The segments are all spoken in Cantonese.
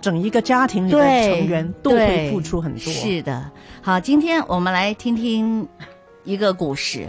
整一個家庭裏的成員對都會付出很多。是的，好，今天我們來聽聽一個故事。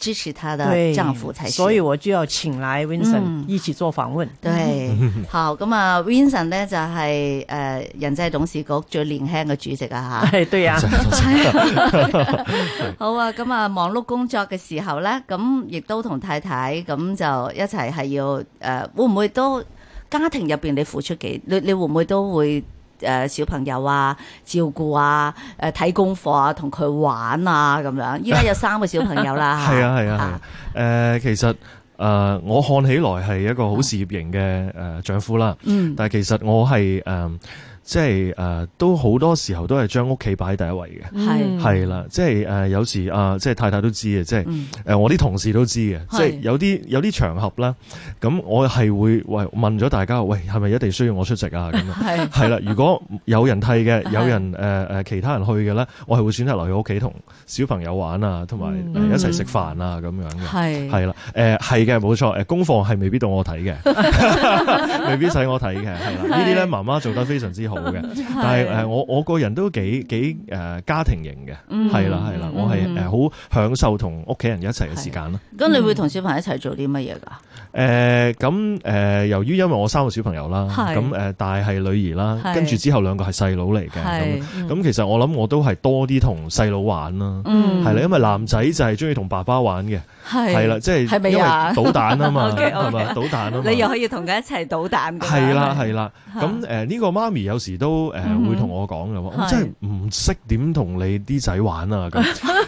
支持她的丈夫對，持所以我就要請來 Vincent、嗯、一起做訪問。對，好咁啊，Vincent 咧，就係、是、誒、呃，仁濟董事局最年輕嘅主席啊吓，係對，對啊。 好啊，咁啊，忙碌工作嘅時候咧，咁亦都同太太咁就一齊係要誒、呃，會唔會都家庭入邊你付出幾？你你會唔會都會？誒、呃、小朋友啊，照顧啊，誒、呃、睇功課啊，同佢玩啊咁樣。依家有三個小朋友啦，嚇。係啊係啊係啊。誒、啊啊啊啊呃，其實誒、呃，我看起來係一個好事業型嘅誒丈夫啦。嗯。但係其實我係誒。呃即係誒、呃，都好多時候都係將屋企擺喺第一位嘅，係係、嗯、啦，即係誒，有時啊，即係太太都知嘅，即係誒、嗯呃，我啲同事都知嘅，是即係有啲有啲場合啦，咁我係會喂問咗大家，喂係咪一定需要我出席啊？咁樣係係啦，如果有人替嘅，有人誒誒、呃、其他人去嘅咧，我係會選擇留喺屋企同小朋友玩啊，同埋、嗯呃、一齊食飯啊咁樣嘅，係係是是啦，誒係嘅，冇錯，誒，功課係未必到我睇嘅， 未必使我睇嘅，係啦，呢啲咧媽媽做得非常之。好嘅，但係誒，我我個人都幾幾誒家庭型嘅，係啦係啦，我係誒好享受同屋企人一齊嘅時間咯。咁你會同小朋友一齊做啲乜嘢噶？誒，咁誒，由於因為我三個小朋友啦，咁誒，大係女兒啦，跟住之後兩個係細佬嚟嘅，咁咁其實我諗我都係多啲同細佬玩啦，係啦，因為男仔就係中意同爸爸玩嘅，係啦，即係因為搗蛋啊嘛，係嘛，搗蛋啊，你又可以同佢一齊搗蛋，係啦係啦。咁誒，呢個媽咪有。時都誒會同我講嘅，我真係唔識點同你啲仔玩啊咁，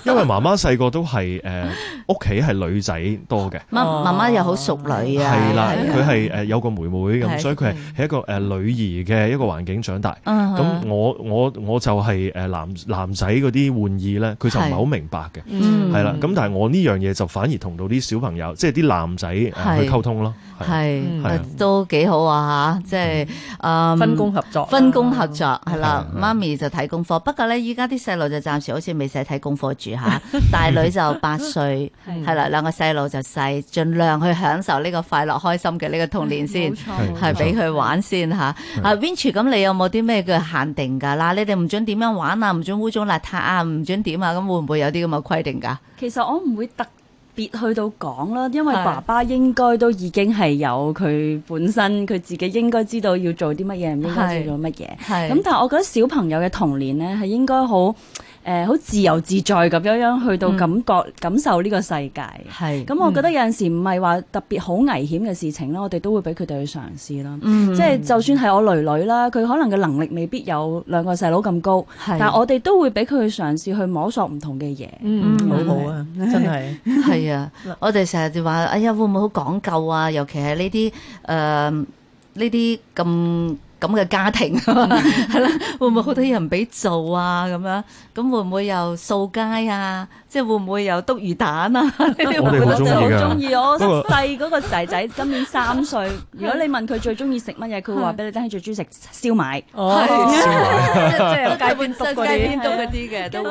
因為媽媽細個都係誒屋企係女仔多嘅，媽媽媽又好淑女啊，係啦，佢係誒有個妹妹咁，所以佢係喺一個誒女兒嘅一個環境長大，咁我我我就係誒男男仔嗰啲玩意咧，佢就唔係好明白嘅，係啦，咁但係我呢樣嘢就反而同到啲小朋友，即係啲男仔去溝通咯，係都幾好啊嚇，即係啊分工合作。分工合作係啦，媽的咪就睇功課。的不過咧，依家啲細路就暫時好似未使睇功課住吓。啊、 大女就八歲，係啦 的，兩的個細路就細，盡量去享受呢個快樂開心嘅呢個童年先，係俾佢玩先吓。阿 Vince，咁你有冇啲咩嘅限定噶？嗱的，你哋唔准點樣玩啊？唔准污糟邋遢啊？唔准點啊？咁會唔會有啲咁嘅規定噶？其實我唔會特。別去到講啦，因為爸爸應該都已經係有佢本身，佢是自己應該知道要做啲乜嘢，唔是應該做乜嘢。咁是、嗯、但係我覺得小朋友嘅童年咧係應該好。誒，好、呃、自由自在咁樣樣去到感覺、嗯、感受呢個世界，係咁是，嗯、我覺得有陣時唔係話特別好危險嘅事情啦，我哋都會俾佢哋去嘗試啦，嗯、即係就算係我女女啦，佢可能嘅能力未必有兩個細佬咁高，但係我哋都會俾佢去嘗試去摸索唔同嘅嘢，好好啊，真係，係啊，我哋成日就話，哎呀，會唔會好講究啊？尤其係呢啲誒呢啲咁。呃咁嘅家庭，係啦，會唔會好多嘢唔俾做啊？咁樣，咁會唔會又掃街啊？即係會唔會又篤魚蛋啊？我哋好中意，我細嗰個仔仔今年三歲。如果你問佢最中意食乜嘢，佢會話俾你聽，最中意食燒賣。哦，即係街邊篤嗰啲嘅，都會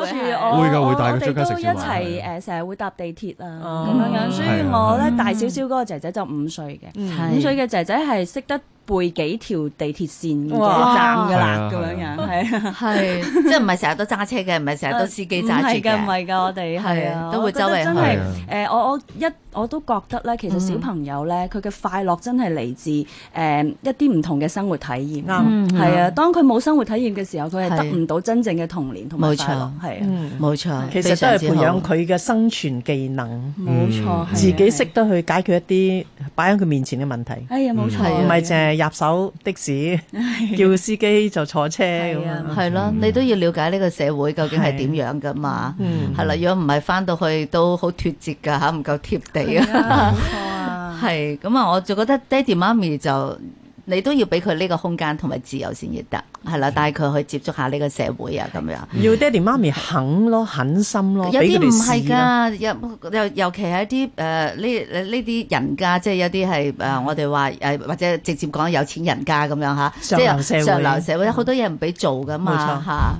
我哋都一齊誒，成日會搭地鐵啊咁樣樣。所以我咧大少少嗰個仔仔就五歲嘅，五歲嘅仔仔係識得。背幾條地鐵線嘅站嘅站咁樣樣，係係即係唔係成日都揸車嘅，唔係成日都司機揸車嘅，唔係㗎，我哋係啊，都會周圍去。誒，我我一。我都覺得咧，其實小朋友咧，佢嘅快樂真係嚟自誒一啲唔同嘅生活體驗。啱，係啊。當佢冇生活體驗嘅時候，佢係得唔到真正嘅童年同埋快樂。係啊，冇錯，其實都係培養佢嘅生存技能。冇錯，自己識得去解決一啲擺喺佢面前嘅問題。係啊，冇錯，唔係淨係入手的士，叫司機就坐車咁啊。係咯，你都要了解呢個社會究竟係點樣噶嘛？嗯，係啦，如果唔係翻到去都好脫節噶嚇，唔夠貼地。係啊，係咁啊，我就覺得爹哋媽咪，就你都要俾佢呢個空間同埋自由先至得，係啦，帶佢去接觸下呢個社會啊，咁樣。要爹哋媽咪肯咯，狠心咯，有啲唔係噶，又尤其係一啲誒呢呢啲人家，即係有啲係誒我哋話誒或者直接講有錢人家咁樣吓，即係上流社會，上流社會好多嘢唔俾做噶嘛冇錯吓。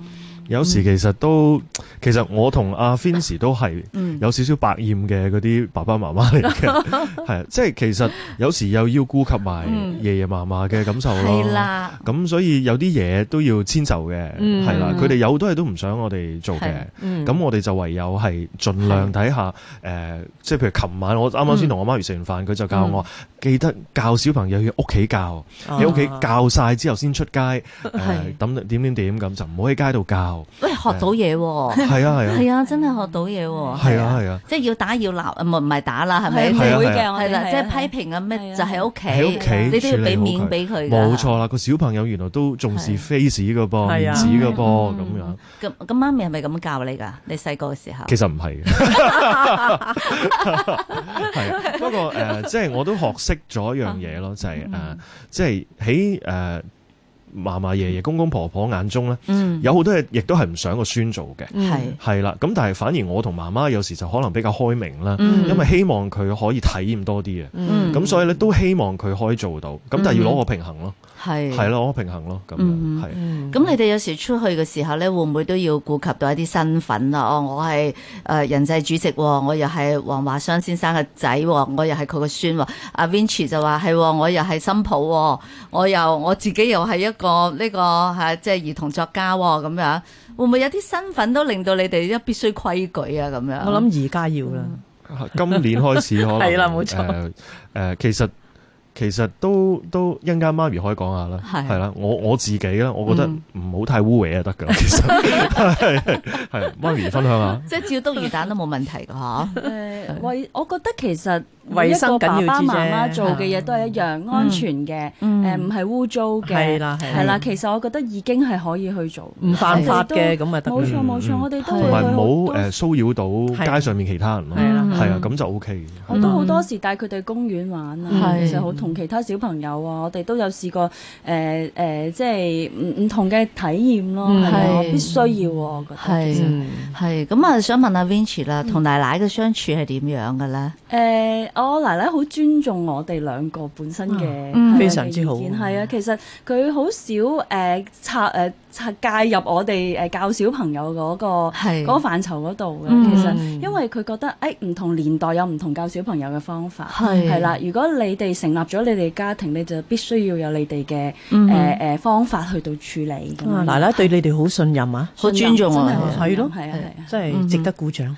有時其實都其實我同阿 Finnie 都係有少少百厭嘅嗰啲爸爸媽媽嚟嘅，係即係其實有時又要顧及埋爺爺嫲嫲嘅感受咯。啦、嗯，咁所以有啲嘢都要遷就嘅，係、嗯、啦。佢哋有好多嘢都唔想我哋做嘅，咁、嗯、我哋就唯有係盡量睇下誒的、呃，即係譬如琴晚我啱啱先同我媽咪食完飯，佢、嗯、就教我、嗯、記得教小朋友去屋企教，喺屋企教晒之後先出街，誒、呃，揼點點點咁就唔好喺街度教。喂，學到嘢，係啊，係啊，真係學到嘢喎！係啊，係啊，即係要打要鬧，唔係唔係打啦，係咪？係會嘅係啦，即係批評啊咩，就喺屋企，喺屋企，你都要俾面俾佢。冇錯啦，個小朋友原來都重視 face 噶噃，面子噶噃咁樣。咁咁，媽咪係咪咁教你噶？你細個嘅時候，其實唔係，係。不過誒，即係我都學識咗一樣嘢咯，就係誒，即係喺誒。嫲嫲爺爺公公婆婆眼中咧，嗯、有好多嘢，亦都係唔想個孫做嘅，係係啦。咁但係反而我同媽媽有時就可能比較開明啦，嗯、因為希望佢可以體驗多啲嘅，咁、嗯、所以咧都希望佢可以做到。咁但係要攞個平衡咯。嗯嗯。係，係咯，我平衡咯，咁樣係。咁你哋有時出去嘅時候咧，會唔會都要顧及到一啲身份啊？哦，我係誒仁濟主席，我又係黃華湘先生嘅仔，我又係佢個孫。阿、啊、Vincy 就話係，我又係新抱，我又我自己又係一個呢、這個吓、啊，即係兒童作家咁樣。會唔會有啲身份都令到你哋一必須規矩啊？咁樣。我諗而家要啦、嗯，今年開始可能係啦，冇錯。 誒、呃呃呃，其實。其實都都一陣間媽咪可以講下啦，係啦，我我自己啦，我覺得唔好太污穢啊得嘅，其實係係媽咪分享下，即係照篤魚蛋都冇問題嘅嚇。誒，衛我覺得其實一個爸爸媽媽做嘅嘢都係一樣安全嘅，誒唔係污糟嘅，係啦其實我覺得已經係可以去做，唔犯法嘅咁啊得冇錯冇錯，我哋都唔好誒騷擾到街上面其他人咯，係啊咁就 OK 我都好多時帶佢哋去公園玩啊，其實好。同其他小朋友啊，我哋都有試過誒誒、呃呃，即係唔唔同嘅體驗咯。係、嗯、必須要我覺得，係係咁啊！想問阿 Vinci 啦、嗯，同奶奶嘅相處係點樣嘅咧？誒、呃，我奶奶好尊重我哋兩個本身嘅、啊嗯呃、非常之見好的，係啊，其實佢好少誒、呃、插誒。呃介入我哋誒教小朋友嗰、嗰個嗰的、嗯、個範疇嗰度嘅，其實因為佢覺得誒唔同年代有唔同教小朋友嘅方法係啦的、嗯。如果你哋成立咗你哋家庭，你就必須要有你哋嘅誒誒方法去到處理。咁奶奶對你哋好信任啊，好尊、啊、尊重啊，係咯、哦，係啊，係啊，真係值得鼓掌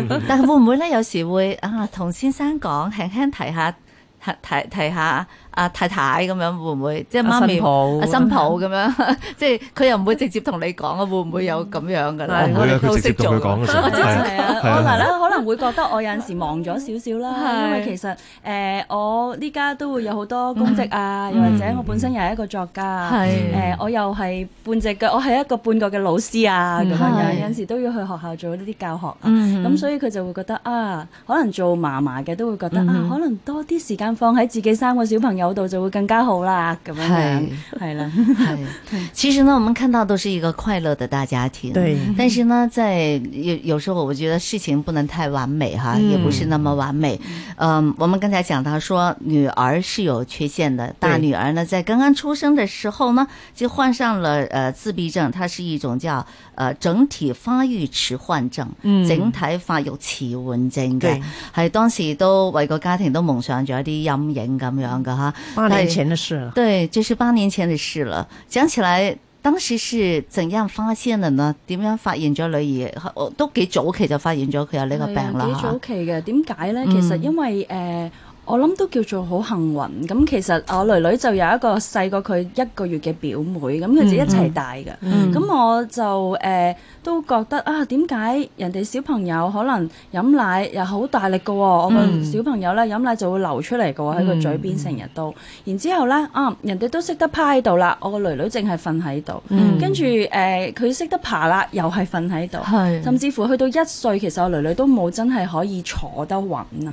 但係會唔會咧？有時會啊，同先生講輕輕提下，提提下。阿太太咁樣會唔會？即係媽咪、阿新抱咁樣，即係佢又唔會直接同你講啊？會唔會有咁樣噶咧？我唔會啊，佢直接同佢講嘅啫。係啊，我奶奶可能會覺得我有陣時忙咗少少啦，因為其實誒我呢家都會有好多公職啊，又或者我本身又係一個作家，誒我又係半隻腳，我係一個半個嘅老師啊咁樣，有陣時都要去學校做呢啲教學，咁所以佢就會覺得啊，可能做嫲嫲嘅都會覺得啊，可能多啲時間放喺自己三個小朋友。有度就會更加好啦，咁樣係，係啦是 其實呢，我們看到都是一個快樂的大家庭。對，但是呢，在有有時候，我覺得事情不能太完美，哈，也不是那麼完美。嗯，嗯，我們剛才講到說，女兒是有缺陷的，大女兒呢，在剛剛出生的時候呢，就患上了，呃，自閉症。它是一種叫，呃，整體發育遲緩症，整體發育遲緩症嘅，係當時都為個家庭都蒙上咗一啲陰影咁樣嘅，哈。八年前的事了，對，就是八年前的事了。講起來，當時是怎樣發現的呢？點樣發現咗女兒？也都幾早期就發現咗佢有呢個病啦。係啊，幾早期嘅。點解呢？其實因為誒。嗯呃我諗都叫做好幸運咁，其實我女女就有一個細過佢一個月嘅表妹，咁佢自己一齊大嘅。咁、嗯嗯、我就誒、呃、都覺得啊，點解人哋小朋友可能飲奶又好大力㗎喎？我個小朋友咧飲奶就會流出嚟㗎喎，喺個嘴邊成日都。然之後咧啊，人哋都識得趴喺度啦，我個女女淨係瞓喺度。跟住誒，佢識、呃、得爬啦，又係瞓喺度。是甚至乎去到一歲，其實我女女都冇真係可以坐得穩啊。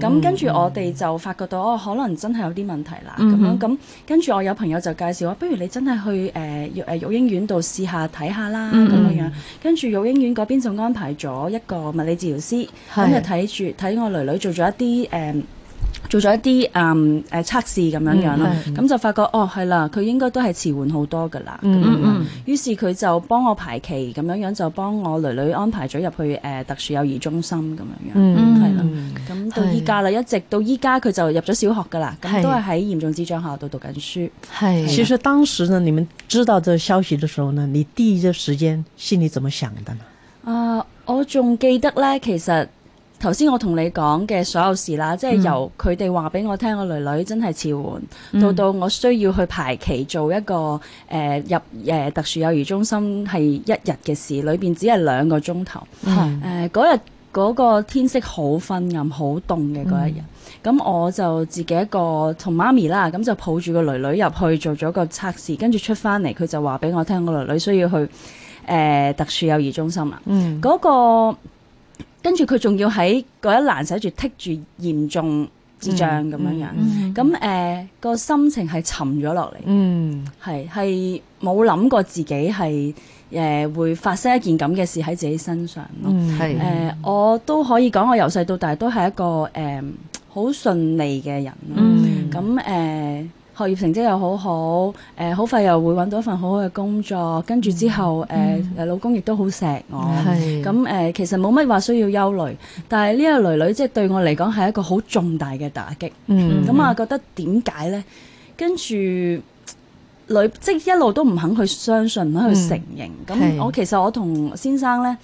咁跟住我哋。就發覺到哦，可能真係有啲問題啦咁、嗯嗯、樣，咁跟住我有朋友就介紹話，不如你真係去誒誒育嬰院度試下睇下啦咁、嗯嗯、樣。跟住育嬰院嗰邊就安排咗一個物理治療師，咁的就睇住睇我女女做咗一啲誒。呃做咗一啲嗯誒、呃、測試咁樣樣咯，咁就發覺哦係啦，佢應該都係遲緩好多噶啦。嗯嗯嗯。於是佢就幫我排期咁樣樣，就幫我女女安排咗入去誒、呃、特殊幼兒中心咁樣樣。係啦。咁、嗯嗯嗯、到依家啦，一直到依家佢就入咗小學噶啦，咁都係喺嚴重智障學校度讀緊書。係。其實當時呢，你們知道這個消息的時候呢，你第一時間心裏怎麼想的呢？啊，我仲記得呢，其實。頭先我同你講嘅所有事啦，即係由佢哋話俾我聽，我女女真係遲緩，到、嗯、到我需要去排期做一個誒、呃、入誒、呃、特殊幼兒中心係一日嘅事，裏邊只係兩個鐘頭。誒嗰日嗰個天色好昏暗、好凍嘅嗰一日，咁、嗯、我就自己一個同媽咪啦，咁就抱住個女女入去做咗個測試，跟住出翻嚟，佢就話俾我聽，我女女需要去誒、呃、特殊幼兒中心啦。嗰、嗯、嗰個跟住佢仲要喺嗰一欄寫住剔住嚴重智障咁樣、嗯嗯嗯嗯、樣，咁誒個心情係沉咗落嚟，係係冇諗過自己係誒、呃、會發生一件咁嘅事喺自己身上咯，係誒、嗯呃、我都可以講，我由細到大都係一個誒好、呃、順利嘅人咯，咁誒。嗯嗯嗯學業成績又好好，誒、呃、好快又會揾到一份好好嘅工作，跟住、嗯、之後誒誒、呃嗯、老公亦都好錫我，咁誒是、嗯、其實冇乜話需要憂慮，但係呢一個囡囡即係對我嚟講係一個好重大嘅打擊，咁啊、嗯、覺得點解呢？跟住女即一路都唔肯去相信，唔肯去承認。咁、嗯、我其實我同先生呢，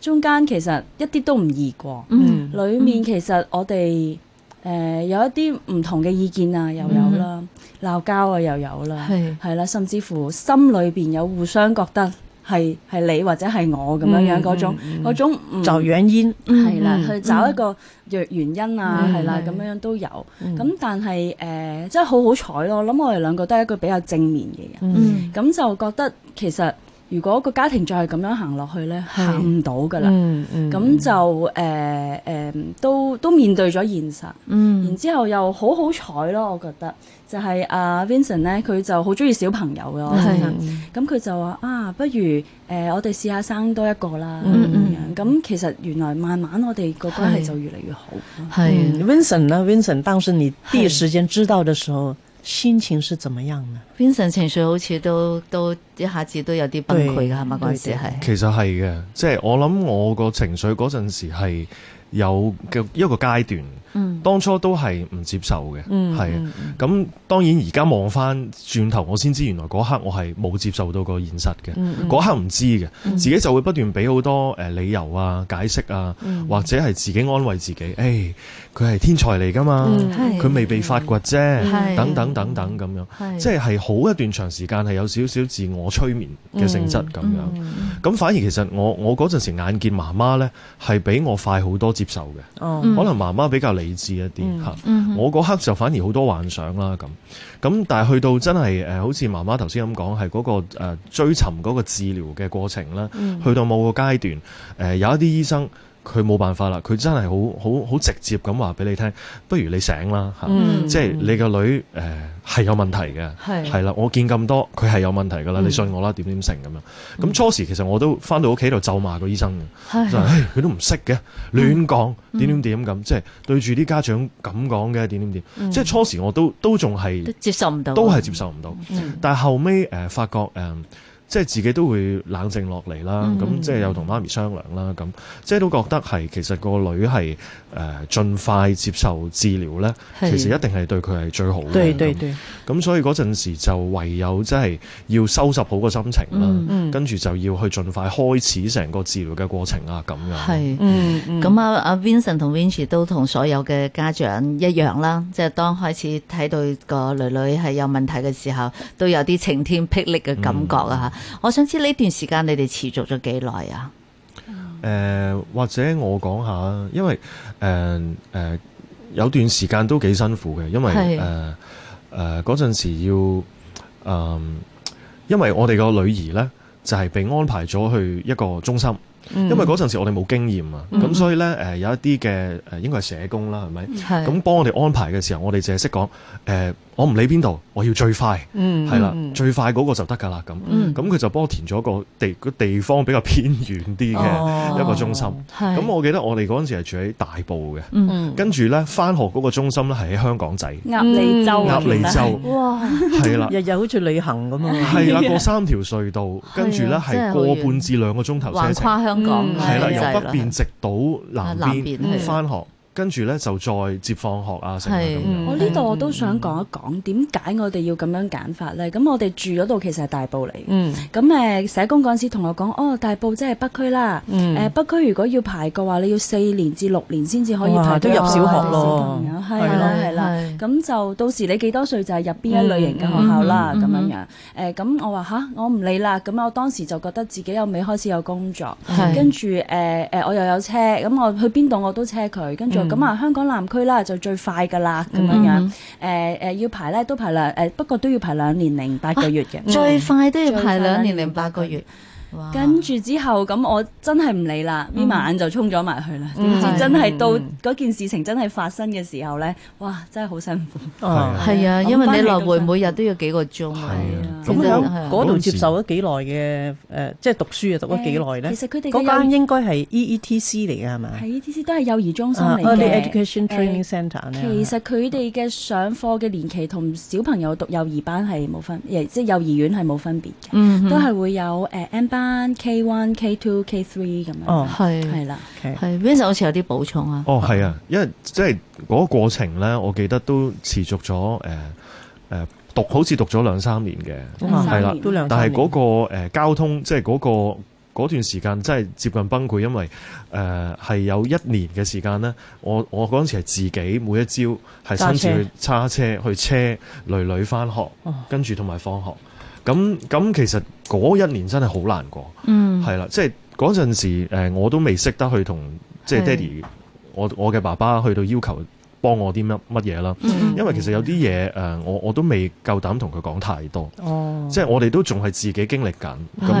中間其實一啲都唔易過，嗯嗯嗯、裡面其實我哋、嗯。誒，有一啲唔同嘅意見啊，又有啦，鬧交啊，又有啦，係係啦，甚至乎心裏邊有互相覺得係係你或者係我咁樣樣嗰種嗰種就養煙，係啦，去找一個弱原因啊，係啦，咁樣樣都有，咁但係誒，真係好好彩咯，我諗我哋兩個都係一個比較正面嘅人，咁就覺得其實。如果個家庭再係咁樣行落去咧，行唔是到噶啦、嗯。嗯嗯。咁就誒誒、呃呃，都都面對咗現實。嗯。然之後又好好彩咯，我覺得就係、是、阿、啊、Vincent 咧，佢就好中意小朋友嘅。係。咁佢就話：啊，不如誒，我哋試下生多一個啦。嗯嗯。咁、嗯嗯、其實原來慢慢我哋個關係就越嚟越好。係是。Vincent 咧，Vincent 當時你第一時間知道嘅時候，心情是怎麼樣呢？精神情緒好似都都一下子都有啲崩潰嘅，係嘛，嗰陣時係。係，其實係嘅，即係我諗我個情緒嗰陣時係。有嘅一個階段，當初都係唔接受嘅，係啊。咁當然而家望翻轉頭我先知原來嗰刻我係冇接受到個現實嘅，嗰刻唔知嘅，自己就會不斷俾好多誒理由啊、解釋啊，或者係自己安慰自己，誒佢係天才嚟㗎嘛，佢未被發掘啫，等等等等咁樣，即係係好一段長時間係有少少自我催眠嘅性質咁樣。咁反而其實我我陣時眼見媽媽咧係比我快好多。接受嘅，哦、可能媽媽比較理智一啲嚇，嗯、是我嗰刻就反而好多幻想啦咁，咁、嗯、但係去到真係誒、呃，好似媽媽頭先咁講，係嗰、嗰個、呃、追尋嗰個治療嘅過程啦，嗯、去到某個階段，誒、呃、有一啲醫生。佢冇辦法啦，佢真係好好好直接咁話俾你聽，不如你醒啦嚇，即係你個女誒係有問題嘅，係啦，我見咁多佢係有問題噶啦，你信我啦，點點成咁樣？咁初時其實我都返到屋企喺度咒罵個醫生嘅，佢都唔識嘅，亂講點點點咁，即係對住啲家長咁講嘅點點點，即係初時我都都仲係接受唔到，都係接受唔到，但係後尾誒發覺誒。即係自己都會冷靜落嚟啦，咁即係又同媽咪商量啦，咁即係都覺得係其實個女係誒盡快接受治療咧，其實一定係對佢係最好嘅。對對對。咁所以嗰陣時就唯有即係要收拾好個心情啦，跟住就要去盡快開始成個治療嘅過程啊，咁樣。係，咁啊，阿 Vincent 同 Wing Sze 都同所有嘅家長一樣啦，即係當開始睇到個女女係有問題嘅時候，都有啲晴天霹靂嘅感覺啊！我想知呢段時間你哋持續咗幾耐啊？誒、呃，或者我講下因為誒誒、呃呃，有段時間都幾辛苦嘅，因為誒誒嗰陣時要，嗯、呃，因為我哋個女兒咧就係、是、被安排咗去一個中心，嗯、因為嗰陣時我哋冇經驗啊，咁、嗯、所以咧誒、呃、有一啲嘅誒應該係社工啦，係咪？咁幫是我哋安排嘅時候，我哋淨係識講誒。呃我唔理邊度，我要最快，係啦，最快嗰個就得㗎啦。咁咁佢就幫我填咗個地地方比較偏遠啲嘅一個中心。咁我記得我哋嗰陣時係住喺大埔嘅，跟住咧翻學嗰個中心咧係喺香港仔鴨脷洲，鴨脷洲哇，係啦，日日好似旅行咁啊，係啦，過三條隧道，跟住咧係過半至兩個鐘頭車程，橫跨香港，係啦，由北邊直到南邊翻學。跟住咧就再接放學啊，成咁樣。我呢度我都想講一講，點解我哋要咁樣揀法咧？咁我哋住嗰度其實係大埔嚟嘅。咁誒社工嗰陣時同我講，哦大埔即係北區啦。誒北區如果要排嘅話，你要四年至六年先至可以排到入小學咯。係啦係啦，咁就到時你幾多歲就係入邊一類型嘅學校啦。咁樣樣誒咁我話吓，我唔理啦。咁我當時就覺得自己又未開始有工作，跟住誒誒我又有車，咁我去邊度我都車佢，跟住。咁啊，嗯、香港南區啦就最快㗎喇，咁樣樣，誒、呃、誒要排呢都排兩誒、呃，不過都要排兩年零八個月嘅，啊，最快都要排兩年零八個月。啊。跟住之後，咁我真係唔理啦，咪埋眼就衝咗埋去啦。點知真係到嗰件事情真係發生嘅時候咧，哇！真係好辛苦。係啊，因為你來回每日都要幾個鐘。係啊，咁喺嗰度接受咗幾耐嘅誒，即係讀書啊，讀咗幾耐咧？其實佢哋嗰間應該係 E E T C 嚟嘅係咪？係，E E T C 都係幼兒中心嚟嘅。Education Training Centre 咧。其實佢哋嘅上課嘅年期同小朋友讀幼兒班係冇分，亦即係幼兒園係冇分別嘅。都係會有誒。1 K one, K two, K three 咁、哦、樣，哦，係係啦，係 v i n 好似有啲補充啊，哦，係啊，因為即係嗰個過程咧，我記得都持續咗誒誒讀，好似讀咗兩三年嘅，係啦，但係嗰、那個誒、呃、交通，即係嗰、那個嗰段時間，真係接近崩潰，因為誒係、呃、有一年嘅時間咧，我我嗰陣時係自己每一朝係親自揸車去車囡囡翻學，跟住同埋放學。咁咁其實嗰一年真係好難過。嗯、係啦，即係嗰陣時、呃、我都未識得去同即係爹哋，我我嘅爸爸去到要求幫我啲乜乜嘢啦，嗯、因為其實有啲嘢誒，我、呃、我都未夠膽同佢講太多，哦、即係我哋都仲係自己經歷緊，咁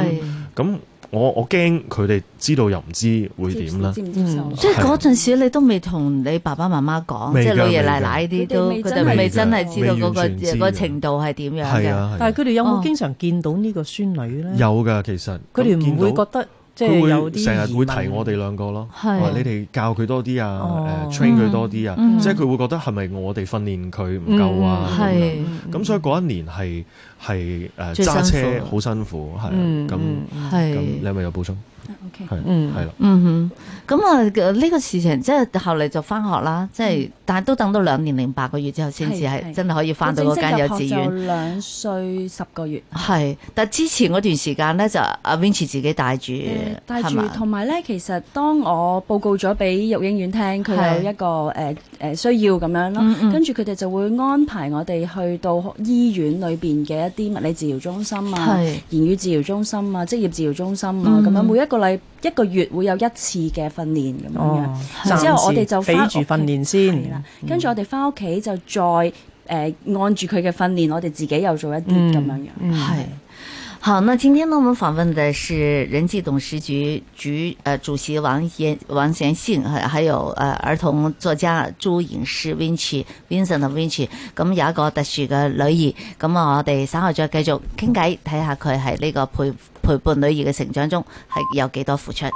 咁。係我我驚佢哋知道又唔知會點啦、嗯，即係嗰陣時你都未同你爸爸媽媽講，的即係老爺奶奶啲都，佢哋未真係知道嗰個嗰個程度係點樣嘅？啊啊、但係佢哋有冇經常見到個孫呢個孫女咧？有噶，其實佢哋唔會覺得。佢會成日會提我哋兩個咯，話係你哋教佢多啲啊，誒 train 佢多啲啊，嗯、即係佢會覺得係咪我哋訓練佢唔夠啊？咁、嗯、所以嗰一年係係誒揸車好辛苦，係咁。咁你係咪有補充？OK，嗯，係咯，嗯哼，咁啊，呢個事情即係後嚟就翻學啦，即係，但係都等到兩年零八個月之後先至係真係可以翻到嗰間幼稚園。兩歲十個月。係，但係之前嗰段時間咧就阿 Vincent 自己帶住，帶住同埋咧，其實當我報告咗俾育嬰院聽，佢有一個誒誒需要咁樣咯，跟住佢哋就會安排我哋去到醫院裏邊嘅一啲物理治療中心啊、言語治療中心啊、職業治療中心啊，咁樣每一個嚟一個月會有一次嘅訓練咁樣樣，哦、之後我哋就翻住訓練先，跟住了、嗯、我哋翻屋企就再誒按住佢嘅訓練，我哋自己又做一啲咁樣樣，係、嗯。嗯。好，那今天呢，我們訪問的是仁濟董事局局，誒，主席王賢王賢訊，哈，還有，誒，兒童作家朱穎詩 Vincent Vincent 和 Vincent 咁有一個特殊嘅女兒，咁啊，我哋稍後再繼續傾偈，睇下佢喺呢個陪陪伴女兒嘅成長中係有幾多付出。